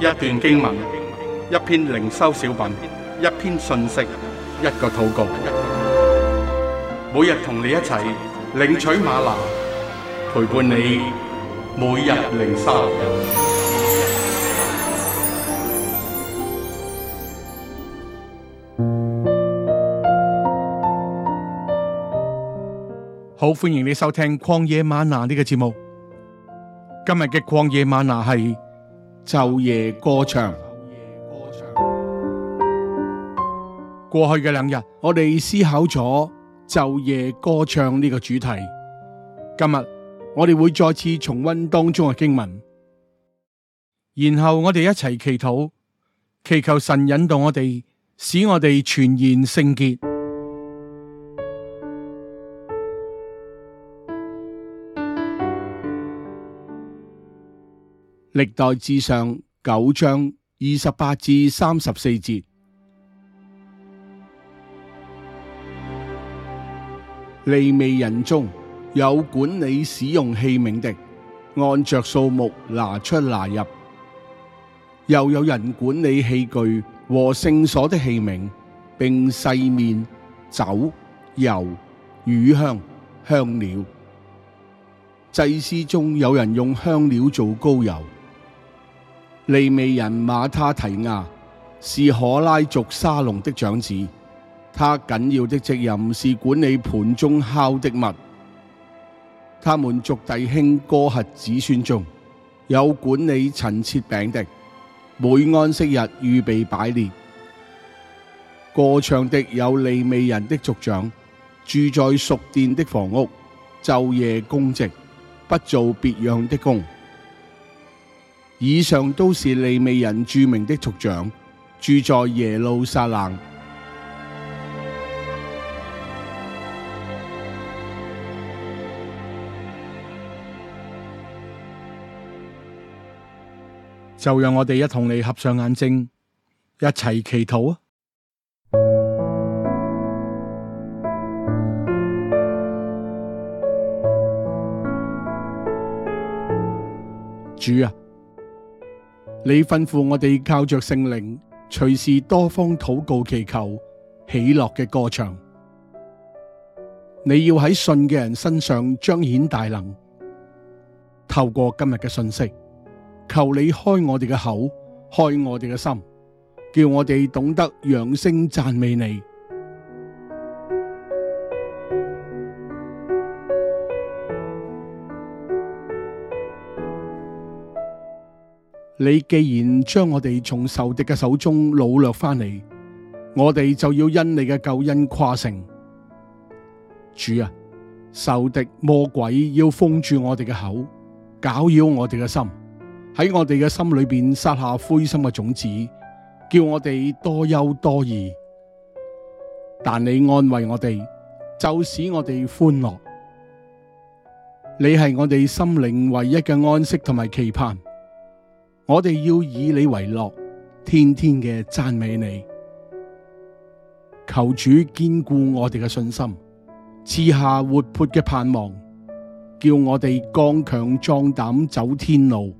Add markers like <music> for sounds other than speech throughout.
一段經文，一篇靈修小品，一篇信息，一個禱告。每日同你一齊領取嗎哪，陪伴你每日靈修。好，歡迎你收聽《曠野嗎哪》呢個節目。今日嘅《曠野嗎哪》係。晝夜歌唱，晝夜歌唱。過去嘅兩日，我哋思考咗晝夜歌唱呢個主題。今日我哋會再次重溫當中嘅經文，然後我哋一齊祈禱，祈求神引導我哋，使我哋全然聖潔。.歷代志上九章二十八至三十四節，利未人中有管理使用器皿的，按着數目拿出拿入；又有人管理器具和聖所的器皿，並細麵、酒、油、乳香、香料。祭司中有人用香料做膏油。利未人馬他提亞是可拉族沙龍的長子，他緊要的職任是管理盤中烤的物。他們族弟兄哥轄子孫中有管理陳設餅的，每安息日預備擺列。歌唱的有利未人的族長，住在屬殿的房屋，晝夜供職，不做別樣的工。以上都是利未人著名的族長，住在耶路撒冷。 <music> 就讓我哋一同嚟合上眼睛，一齊祈禱啊！ <music> 主啊！你吩咐我哋靠着聖靈，隨時多方禱告祈求，喜樂嘅歌唱。你要喺信嘅人身上彰顯大能。透過今日嘅信息，求你開我哋嘅口，開我哋嘅心，叫我哋懂得揚聲讚美你。你既然將我哋從仇敵嘅手中擄掠翻嚟，我哋就要因你嘅救恩誇勝。主啊，仇敵魔鬼要封住我哋嘅口，攪擾我哋嘅心，喺我哋嘅心裏面撒下灰心嘅種子，叫我哋多憂多疑。但你安慰我哋，就使我哋歡樂。你係我哋心靈唯一嘅安息同埋期盼。我哋要以你為樂，天天嘅讚美你，求主堅固我哋嘅信心，賜下活潑嘅盼望，叫我哋剛強壯膽走天路。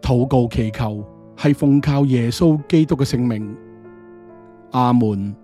禱告祈求係奉靠耶穌基督嘅聖名，阿門。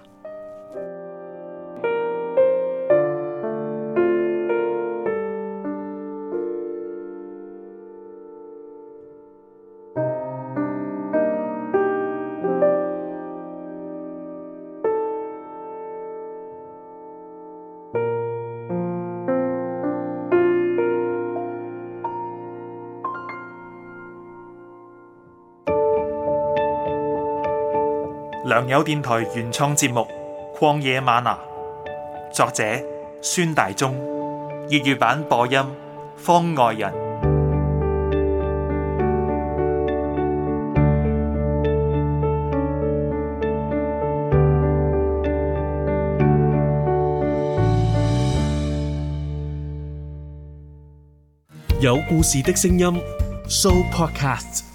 良友電台原創節目《曠野嗎哪》，作者孫大中，粵語版播音方外人，有故事的聲音，Show Podcast。